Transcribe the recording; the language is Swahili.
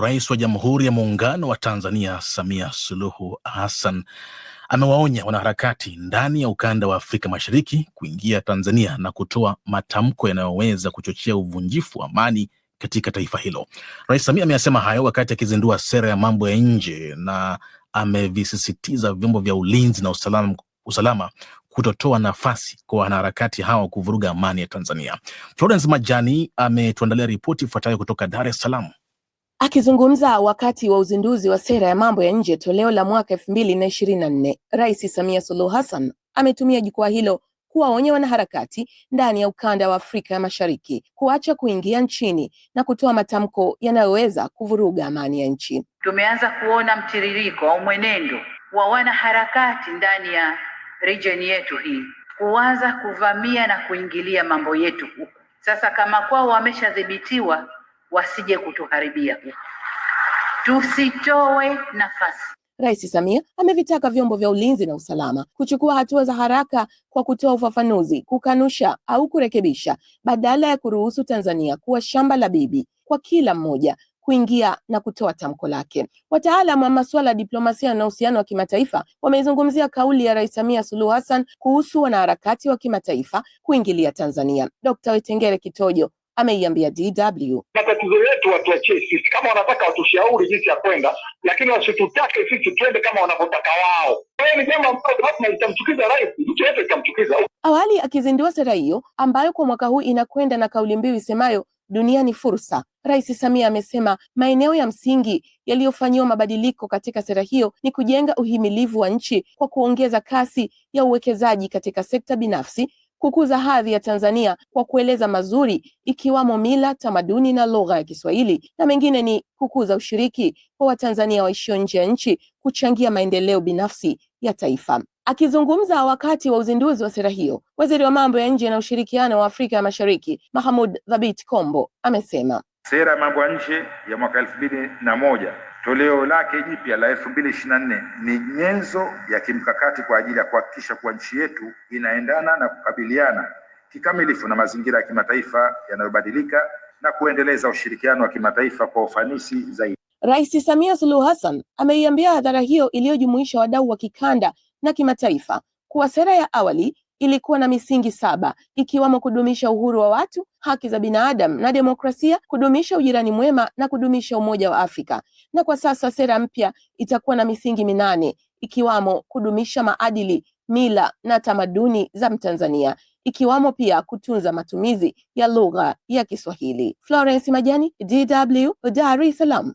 Rais wa Jamhuri ya Muungano wa Tanzania Samia Suluhu Hassan amewaonya wanaharakati ndani ya ukanda wa Afrika Mashariki kuingia Tanzania na kutoa matamko yanayoweza kuchochea uvunjifu wa amani katika taifa hilo. Rais Samia ameyasema hayo wakati akizindua sera ya mambo ya nje na amevisisitiza vyombo vya ulinzi na usalama, usalama kutotoa nafasi kwa wanaharakati hawa kuvuruga amani ya Tanzania. Florence Majani ametuandalia ripoti ifuatayo kutoka Dar es Salaam. Akizungumza wakati wa uzinduzi wa sera ya mambo ya nje toleo la mwaka elfu mbili na ishirini na nne, Rais Samia Suluhu Hassan ametumia jukwaa hilo kuwaonya wanaharakati ndani ya ukanda wa Afrika ya Mashariki kuacha kuingia nchini na kutoa matamko yanayoweza kuvuruga amani ya nchi. Tumeanza kuona mtiririko au mwenendo wa wanaharakati ndani ya region yetu hii kuanza kuvamia na kuingilia mambo yetu huku. Sasa kama kwao wameshadhibitiwa wasije kutuharibia, tusitoe nafasi. Rais Samia amevitaka vyombo vya ulinzi na usalama kuchukua hatua za haraka kwa kutoa ufafanuzi, kukanusha au kurekebisha, badala ya kuruhusu Tanzania kuwa shamba la bibi kwa kila mmoja kuingia na kutoa tamko lake. wataalam wa masuala ya diplomasia na uhusiano wa kimataifa wameizungumzia kauli ya Rais Samia Suluhu Hassan kuhusu wanaharakati wa kimataifa kuingilia Tanzania. d Wetengere Kitojo ameiambia DW. Matatizo yetu watuachie sisi, kama wanataka watushauri jinsi ya kwenda, lakini wasitutake sisi twende kama wanavyotaka wao. Kwahiyo ni jambo ambalo litamchukiza rais, nchi yetu itamchukiza. Awali akizindua sera hiyo ambayo kwa mwaka huu inakwenda na kauli mbiu isemayo dunia ni fursa, Rais Samia amesema maeneo ya msingi yaliyofanyiwa mabadiliko katika sera hiyo ni kujenga uhimilivu wa nchi kwa kuongeza kasi ya uwekezaji katika sekta binafsi kukuza hadhi ya Tanzania kwa kueleza mazuri ikiwamo mila, tamaduni na lugha ya Kiswahili, na mengine ni kukuza ushiriki kwa Watanzania waishio nje ya nchi kuchangia maendeleo binafsi ya taifa. Akizungumza wakati wa uzinduzi wa sera hiyo, waziri wa mambo ya nje na ushirikiano wa Afrika ya Mashariki Mahamud Dhabit Kombo amesema sera ya mambo ya nje ya mwaka elfu mbili na moja Toleo lake jipya la 2024 nne ni nyenzo ya kimkakati kwa ajili ya kuhakikisha kuwa nchi yetu inaendana na kukabiliana kikamilifu na mazingira ya kimataifa yanayobadilika na kuendeleza ushirikiano wa kimataifa kwa ufanisi zaidi. Rais Samia Suluhu Hassan ameiambia hadhara hiyo iliyojumuisha wadau wa kikanda na kimataifa kuwa sera ya awali ilikuwa na misingi saba ikiwamo kudumisha uhuru wa watu, haki za binadamu na demokrasia, kudumisha ujirani mwema na kudumisha umoja wa Afrika. Na kwa sasa sera mpya itakuwa na misingi minane ikiwamo kudumisha maadili, mila na tamaduni za Mtanzania, ikiwamo pia kutunza matumizi ya lugha ya Kiswahili. Florence Majani, DW, Dar es Salaam.